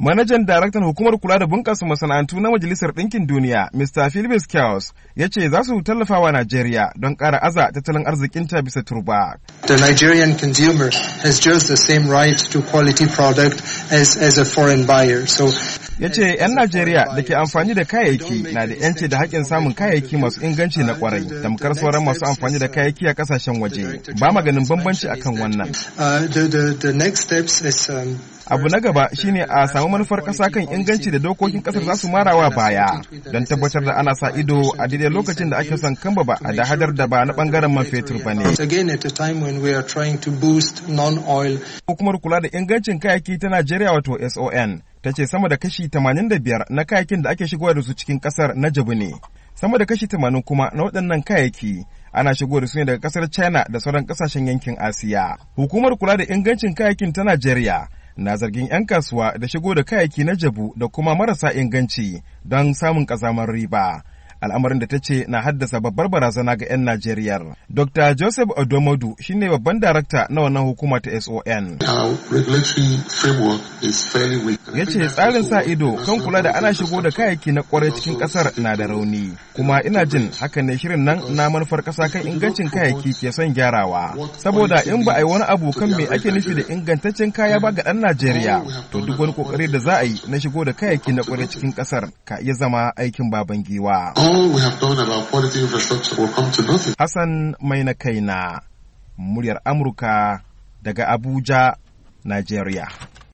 Manajan daraktan hukumar kula da bunƙasa masana'antu na Majalisar Ɗinkin Duniya, Mr. Philibus Kyos, ya ce za su tallafa wa Najeriya don ƙara aza tattalin ta bisa turba. The Nigerian consumer has just the same right to quality product as, as a foreign buyer. So ya ce 'yan najeriya da ke amfani da kayayyaki na da 'yanci da haƙƙin samun kayayyaki masu inganci na kwarai tamkar sauran masu amfani da kayayyaki a kasashen waje ba maganin bambanci akan wannan uh, um, abu na gaba shine a samu manufar ƙasa kan inganci da dokokin ƙasar za su marawa baya don tabbatar da ana sa ido a daidai lokacin da ake son kamba ba a hadar da ba na bangaren man fetur ba ne hukumar kula da ingancin kayayyaki ta najeriya wato son ta ce sama da kashi 85 na kayakin da ake shigowa da su cikin kasar na jabu ne. Sama da kashi 80 kuma na waɗannan kayaki ana shigo da su ne daga kasar China da sauran kasashen yankin Asiya. Hukumar kula da ingancin kayakin ta Najeriya na zargin 'yan kasuwa da shigo da kayaki na jabu da kuma marasa inganci don samun ƙazamar riba. al'amarin da ta ce na haddasa babbar barazana ga 'yan Najeriya. Dr. Joseph Odomodu shine babban darakta na wannan hukuma ta SON. Ya ce tsarin sa ido kan kula da ana shigo da kayayyaki na kwarai cikin kasar na da rauni. Kuma ina jin hakan ne shirin nan na manufar kasa kan ingancin kayayyaki ke son gyarawa. Saboda in ba a yi wani abu kan me ake nufi da ingantaccen kaya ba ga ɗan Najeriya, to duk wani kokari da za a yi na shigo da kayayyaki na kwarai cikin kasar ka iya zama aikin baban giwa. Hassan na muryar Amurka daga Abuja, Nigeria.